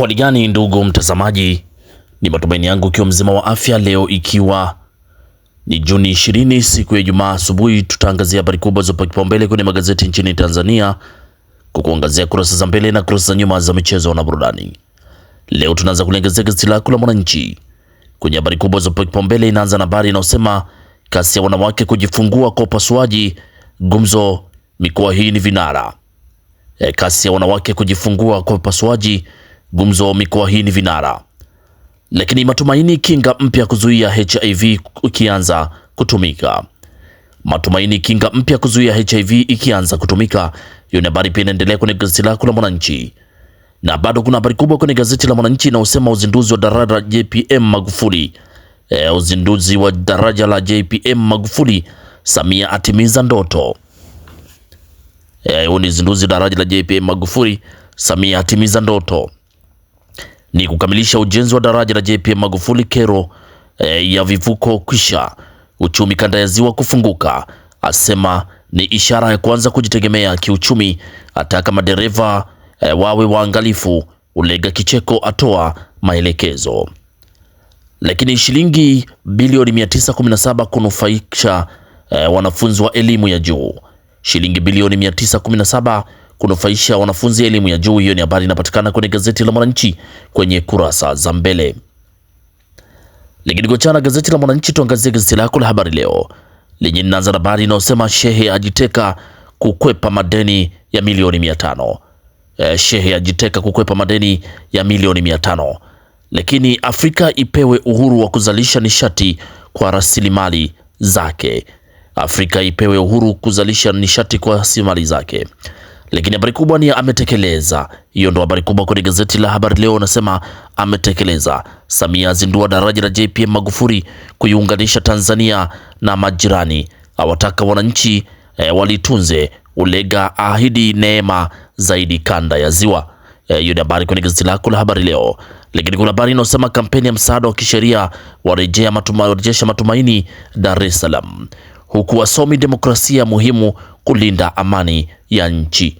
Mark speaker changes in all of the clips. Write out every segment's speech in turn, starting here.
Speaker 1: Hali gani ndugu mtazamaji, ni matumaini yangu ikiwa mzima wa afya. Leo ikiwa ni Juni 20 siku ya Ijumaa asubuhi, tutaangazia habari kubwa zopa kipaumbele kwenye magazeti nchini Tanzania kwa kuangazia kurasa za mbele na kurasa za nyuma za michezo na burudani. Leo tunaanza kuliangazia gazeti lako la Mwananchi kwenye habari kubwa zopa kipaumbele, inaanza na habari inayosema kasi ya wanawake kujifungua kwa upasuaji gumzo, mikoa hii ni vinara. E, kasi ya wanawake kujifungua kwa upasuaji Gumzo mikoa hii ni vinara, lakini matumaini kinga mpya kuzuia HIV ikianza kutumika matumaini kinga mpya kuzuia HIV ikianza kutumika. Hiyo ni habari pia inaendelea kwenye gazeti lako la Mwananchi, na bado kuna habari kubwa kwenye gazeti la Mwananchi inayosema uzinduzi wa daraja JPM Magufuli. E, uzinduzi wa daraja la JPM Magufuli, Samia atimiza ndoto. E, uzinduzi daraja la JPM Magufuli, Samia atimiza ndoto ni kukamilisha ujenzi wa daraja la JPM Magufuli kero e, ya vivuko kisha uchumi kanda ya ziwa kufunguka, asema ni ishara ya kuanza kujitegemea kiuchumi, ataka madereva e, wawe waangalifu. Ulega Kicheko atoa maelekezo. Lakini shilingi bilioni 917 kunufaisha e, wanafunzi wa elimu ya juu, shilingi bilioni 917 kunufaisha wanafunzi elimu ya juu. Hiyo ni habari inapatikana kwenye gazeti la Mwananchi kwenye kurasa za mbele. Lakini kuachana gazeti la Mwananchi, tuangazie gazeti lako la Habari Leo lenye ninaanza habari inayosema shehe ajiteka kukwepa madeni ya milioni mia tano. E, shehe ajiteka kukwepa madeni ya milioni mia tano. Lakini Afrika ipewe uhuru wa kuzalisha nishati kwa rasilimali zake. Afrika ipewe uhuru kuzalisha nishati kwa rasilimali zake. Lakini habari kubwa ni ametekeleza. Hiyo ndo habari kubwa kwenye gazeti la Habari Leo, anasema ametekeleza. Samia azindua daraja la JPM Magufuli kuiunganisha Tanzania na majirani, awataka wananchi e, walitunze. Ulega ahidi neema zaidi kanda ya Ziwa. Eh, hiyo e, ni habari kwenye gazeti lako la Habari Leo. Lakini kuna habari inayosema kampeni ya msaada wa kisheria warejesha matumaini Dar es Salaam huku wasomi demokrasia muhimu kulinda amani ya nchi.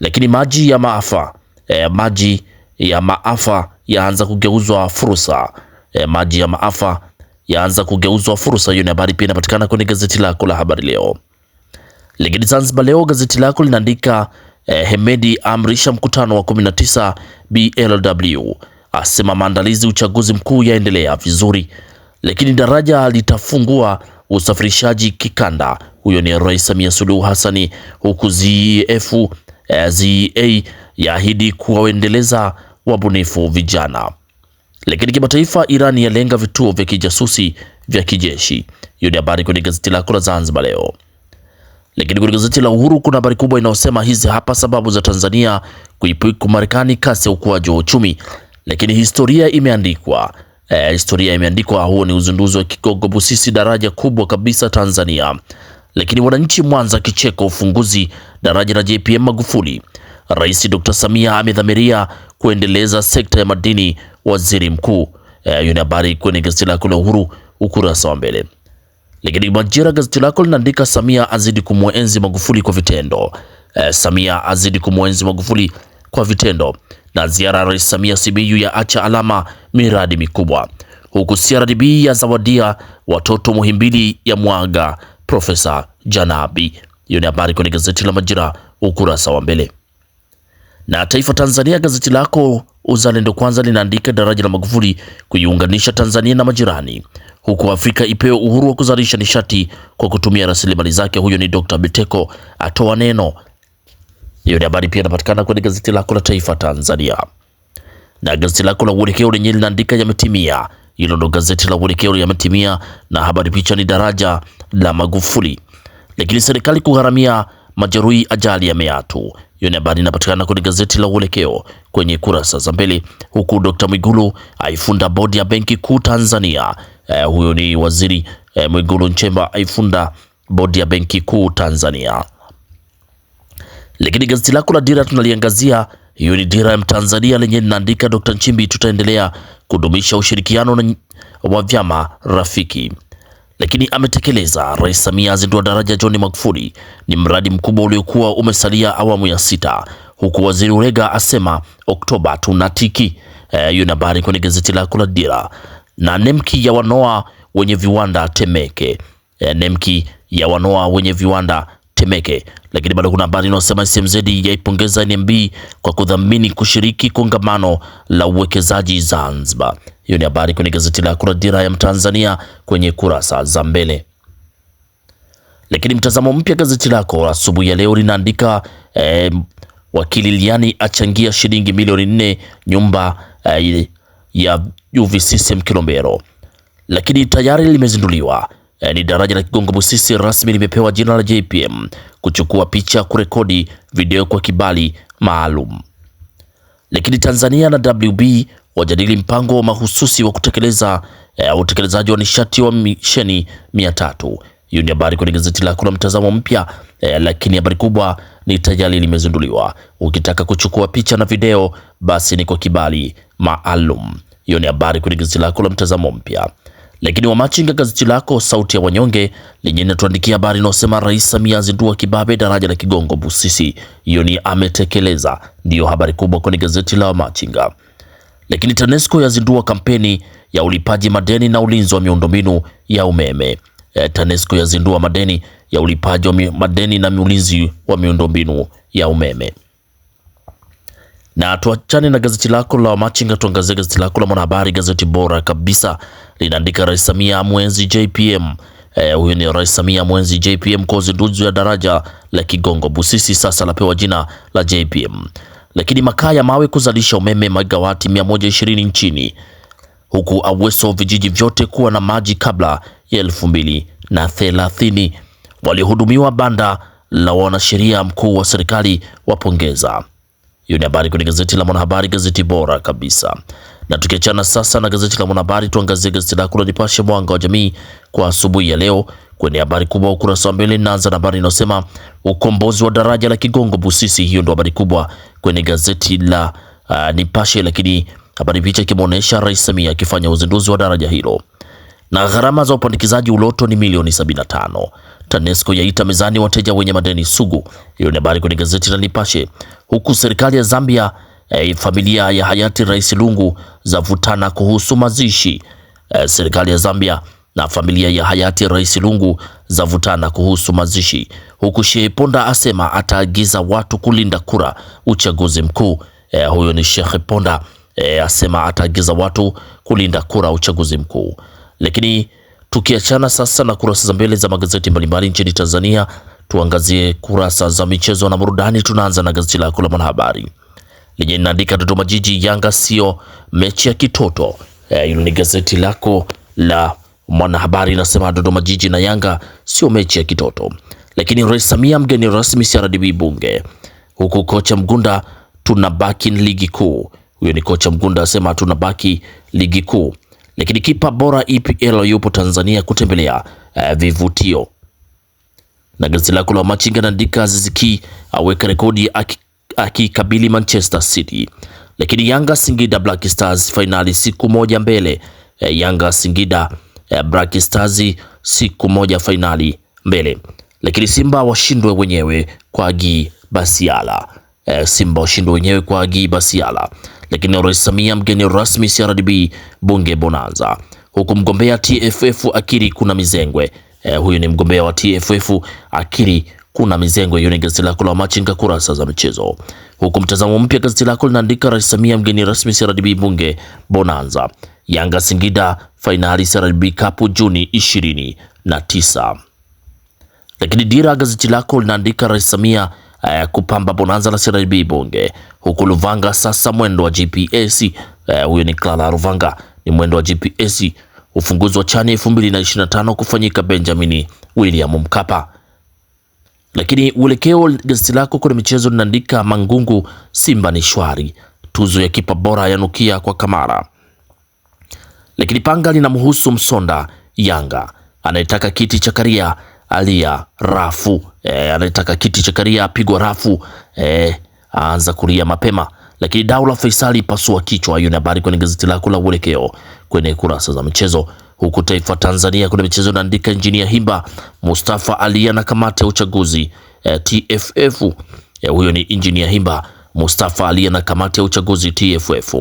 Speaker 1: Lakini maji ya maafa e, maji ya maafa yaanza kugeuzwa fursa e, maji ya maafa yaanza kugeuzwa fursa. Hiyo ni habari pia inapatikana kwenye gazeti lako la habari leo. Lakini Zanzibar leo gazeti lako linaandika e, Hemedi amrisha mkutano wa 19 BLW asema maandalizi uchaguzi mkuu yaendelea vizuri, lakini daraja litafungua usafirishaji kikanda. Huyo ni Rais Samia Suluhu Hassan, huku ZEF eh, ZEA yaahidi kuwaendeleza wabunifu vijana. Lakini kimataifa, Irani yalenga vituo vya kijasusi vya kijeshi. Hiyo ni habari kwenye gazeti lako la Zanzibar Leo. Lakini kwenye gazeti la Uhuru kuna habari kubwa inayosema hizi hapa sababu za Tanzania kuipiku Marekani kasi ya ukuaji wa uchumi, lakini historia imeandikwa E, historia imeandikwa. Huo ni uzinduzi wa Kigongo Busisi, daraja kubwa kabisa Tanzania. Lakini wananchi Mwanza kicheko, ufunguzi daraja la JPM Magufuli. Rais Dr. Samia amedhamiria kuendeleza sekta ya madini, waziri mkuu. Eh, hiyo e, ni habari kwenye gazeti lako la Uhuru ukurasa wa mbele. Lakini Majira gazeti lako linaandika Samia azidi kumwenzi Magufuli kwa vitendo. E, Samia azidi kumwenzi Magufuli kwa vitendo na ziara ya Rais Samia Suluhu ya acha alama miradi mikubwa, huku CRDB ya zawadia watoto Muhimbili ya mwaga Profesa Janabi. Hiyo ni habari kwenye gazeti la Majira ukurasa wa mbele. Na Taifa Tanzania gazeti lako Uzalendo Kwanza linaandika daraja la Magufuli kuiunganisha Tanzania na majirani, huku Afrika ipewe uhuru wa kuzalisha nishati kwa kutumia rasilimali zake. Huyo ni Dr. Biteko atoa neno hiyo ni habari pia inapatikana kwenye gazeti lako la Taifa Tanzania na gazeti lako la Uelekeo lenyewe linaandika yametimia. Hilo ndo gazeti la Uelekeo yametimia, na habari picha ni daraja la Magufuli, lakini serikali kugharamia majeruhi ajali ya Meatu. Hiyo ni habari inapatikana kwenye gazeti la Uelekeo kwenye kurasa za mbele, huku Dr. Mwigulu aifunda bodi ya benki kuu Tanzania. Eh, huyo ni waziri eh, Mwigulu Nchemba aifunda bodi ya benki kuu Tanzania. Lakini gazeti lako la Dira tunaliangazia, hiyo ni Dira ya Mtanzania lenye linaandika Dr. Nchimbi, tutaendelea kudumisha ushirikiano wa vyama rafiki lakini ametekeleza. Rais Samia azindua daraja John Magufuli, ni mradi mkubwa uliokuwa umesalia awamu ya sita, huku waziri Urega asema Oktoba tunatiki. Eh, hiyo ni habari kwenye gazeti lako la Dira. Na nemki ya wanoa wenye viwanda Temeke, e, nemki ya wanoa wenye viwanda Temeke. Lakini bado kuna habari inayosema CMZ yaipongeza NMB kwa kudhamini kushiriki kongamano la uwekezaji Zanzibar. Hiyo ni habari kwenye gazeti lako la Dira ya Mtanzania kwenye kurasa za mbele. Lakini mtazamo mpya gazeti lako asubuhi ya leo linaandika eh, wakili Liani achangia shilingi milioni nne nyumba eh, ya UVCCM Kilombero, lakini tayari limezinduliwa Eh, ni daraja la Kigongo Busisi rasmi limepewa jina la JPM kuchukua picha, kurekodi video kwa kibali maalum. Lakini Tanzania na WB wajadili mpango wa mahususi wa kutekeleza e, utekelezaji wa nishati wa misheni mia tatu. Hiyo ni habari kwenye gazeti lako la Mtazamo Mpya eh, lakini habari kubwa ni tajali limezinduliwa. Ukitaka kuchukua picha na video, basi ni kwa kibali maalum. Hiyo ni habari kwenye gazeti lako la Mtazamo Mpya. Lakini wamachinga, gazeti lako sauti ya wanyonge lenye inatuandikia habari inayosema Rais Samia azindua kibabe daraja la Kigongo Busisi, hiyo ni ametekeleza, ndiyo habari kubwa kwenye gazeti la wamachinga. Lakini TANESCO yazindua kampeni ya ulipaji madeni na ulinzi wa miundombinu ya umeme. E, TANESCO yazindua madeni ya ulipaji wa madeni na ulinzi wa miundombinu ya umeme. Na tuachane na gazeti lako la Wamachinga, tuangazie gazeti lako la Mwanahabari, gazeti bora kabisa. Linaandika Rais Samia mwenzi JPM. Eh, huyu ni Rais Samia mwenzi JPM kwa uzinduzi wa daraja la Kigongo Busisi sasa lapewa jina la JPM. Lakini makaa ya mawe kuzalisha umeme megawati 120 nchini, huku Aweso vijiji vyote kuwa na maji kabla ya elfu mbili na thelathini. Waliohudumiwa banda la wanasheria mkuu wa serikali wapongeza hiyo ni habari kwenye gazeti la Mwanahabari, gazeti bora kabisa. Na tukiachana sasa na gazeti la Mwanahabari, tuangazie gazeti lako la Nipashe mwanga wa jamii kwa asubuhi ya leo kwenye habari kubwa ukurasa wa mbele. Naanza na habari inayosema ukombozi wa daraja la Kigongo Busisi. Hiyo ndio habari kubwa kwenye gazeti la uh, Nipashe, lakini habari picha ikimwonyesha Rais Samia akifanya uzinduzi wa daraja hilo na gharama za upandikizaji uloto ni milioni 75. TANESCO yaita mezani wateja wenye madeni sugu. Hiyo ni habari kwenye gazeti la Nipashe, huku serikali ya Zambia e, familia ya hayati Rais Lungu zavutana kuhusu mazishi. E, serikali ya Zambia na familia ya hayati Rais Lungu zavutana kuhusu mazishi, huku Shehe Ponda asema ataagiza watu kulinda kura uchaguzi mkuu. E, huyo ni Shehe Ponda e, asema ataagiza watu kulinda kura uchaguzi mkuu. Lakini tukiachana sasa na kurasa za mbele za magazeti mbalimbali nchini Tanzania, tuangazie kurasa za michezo na burudani. Tunaanza na gazeti lako la Mwanahabari lenye linaandika Dodoma Jiji Yanga sio mechi ya kitoto. Eh, hilo e, ni gazeti lako la Mwanahabari inasema Dodoma Jiji na Yanga sio mechi ya kitoto. Lakini Rais Samia mgeni rasmi CRDB Bunge, huku kocha Mgunda tunabaki ligi kuu. Huyo ni kocha Mgunda asema tunabaki ligi kuu lakini kipa bora EPL yupo Tanzania kutembelea uh, vivutio. Na gazeti lako la Machinga naandika Aziz aweka rekodi akikabili aki Manchester City, lakini Yanga Singida Black Stars fainali siku moja mbele. Uh, Yanga Singida uh, Black Stars siku moja fainali mbele, lakini Simba washindwe wenyewe kwa Gi Basiala. Uh, Simba washindwe wenyewe kwa Gi Basiala lakini Rais Samia mgeni rasmi CRDB bunge Bonanza, huku mgombea TFF akiri kuna mizengwe. e, huyu ni mgombea wa TFF akiri kuna mizengwe. Hiyo ni gazeti lako la Machinga kurasa za michezo. Huku mtazamo mpya gazeti lako linaandika Rais Samia mgeni rasmi CRDB bunge Bonanza, Yanga Singida fainali CRDB Cup Juni 29 Lakini Dira gazeti lako linaandika Rais Samia eh, kupamba bonanza la B Bonge, huku Luvanga sasa mwendo wa GPS eh, huyo ni Clara Luvanga ni mwendo wa GPS. Ufunguzi wa chani 2025 kufanyika Benjamin William Mkapa. Lakini uelekeo gazeti lako kuna michezo linaandika Mangungu, Simba ni shwari, tuzo ya kipa bora yanukia kwa Kamara. Lakini Panga linamhusu Msonda Yanga anayetaka kiti cha Karia alia rafu e, anataka kiti cha Karia apigwa rafu e, aanza kulia mapema lakini dau la Faisali pasua kichwa. Hiyo ni habari kwenye gazeti lako la Uelekeo kwenye kurasa za michezo. Huku Taifa Tanzania kuna michezo inaandika injinia Himba Mustafa alia na kamati ya uchaguzi e, TFF. E, huyo ni injinia Himba Mustafa alia na kamati ya uchaguzi TFF.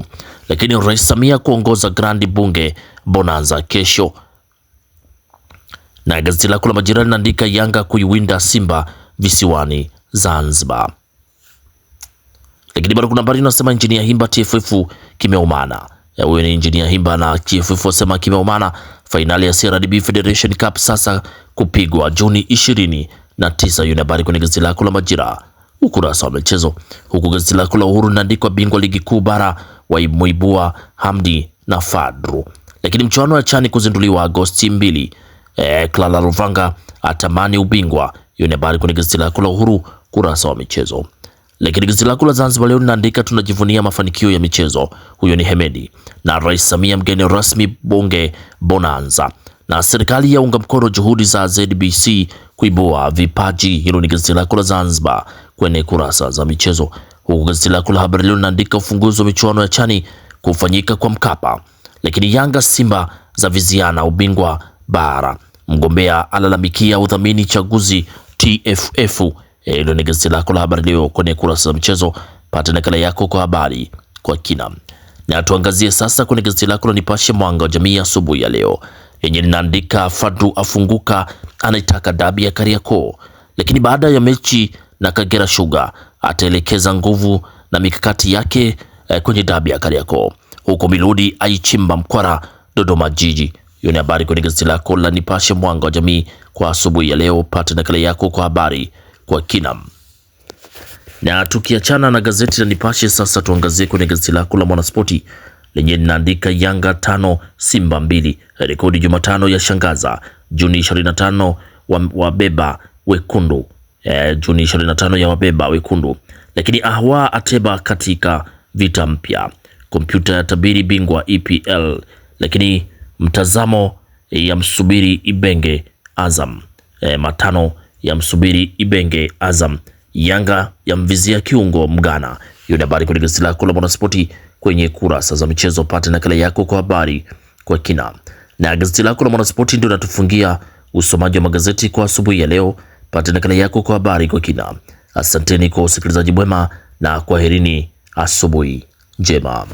Speaker 1: Lakini Rais Samia kuongoza grandi bunge bonanza kesho na gazeti lako la Majira linaandika Yanga kuiwinda Simba visiwani Zanzibar. Lakini bado kuna habari inasema injinia Himba TFF kimeumana. Huyo ni injinia Himba na TFF wasema kimeumana. Fainali ya CRDB Federation Cup sasa kupigwa Juni 29. Hiyo ni habari kwenye gazeti lako la Majira ukurasa wa michezo, huku gazeti lako la Uhuru linaandikwa bingwa ligi kuu bara waimuibua Hamdi na Fadru. Lakini mchuano wa chani kuzinduliwa Agosti mbili eh, Clara Ruvanga atamani ubingwa. Hiyo ni habari kwenye gazeti lako la Uhuru kurasa wa michezo. Lakini gazeti lako la Zanzibar leo linaandika tunajivunia mafanikio ya michezo, huyo ni Hemedi. Na Rais Samia mgeni rasmi bunge Bonanza, na serikali yaunga mkono juhudi za ZBC kuibua vipaji. Hilo ni gazeti lako la Zanzibar kwenye kurasa za michezo, huku gazeti lako la Habari Leo linaandika ufunguzi wa michuano ya chani kufanyika kwa Mkapa. Lakini Yanga Simba za viziana ubingwa bara Mgombea alalamikia udhamini chaguzi TFF. Eh, hilo ni gazeti lako la habari leo kwenye kurasa za mchezo. Pata nakala yako kwa habari kwa kina, na tuangazie sasa kwenye gazeti lako la Nipashe mwanga wa jamii asubuhi ya leo yenye linaandika Fadru afunguka, anaitaka dabi ya Kariakoo, lakini baada ya mechi na Kagera Sugar ataelekeza nguvu na mikakati yake eh, kwenye dabi ya Kariakoo, huko Miludi aichimba mkwara Dodoma Jiji. Hiyo ni habari kwenye gazeti lako la Nipashe mwanga wa jamii kwa asubuhi ya leo. Pata nakala yako kwa habari kwa kina. Na tukiachana na gazeti la Nipashe, sasa tuangazie kwenye gazeti lako la Mwanaspoti lenye linaandika Yanga tano Simba mbili, rekodi Jumatano ya shangaza. Juni 25 wabeba wekundu e, Juni 25 ya wabeba wekundu. Lakini ahwa ateba katika vita mpya, kompyuta ya tabiri bingwa EPL. Lakini mtazamo eh, ya msubiri Ibenge Azam e, matano ya msubiri Ibenge Azam. Yanga ya mvizia kiungo Mgana. Hiyo ni habari kwenye gazeti lako la Mwanaspoti kwenye kurasa za michezo, pate nakala yako kwa habari kwa kina. Na gazeti lako la Mwanaspoti ndio natufungia usomaji wa magazeti kwa asubuhi ya leo. Pate nakala yako kwa habari kwa kina. Asanteni kwa usikilizaji mwema na kwaherini, asubuhi njema.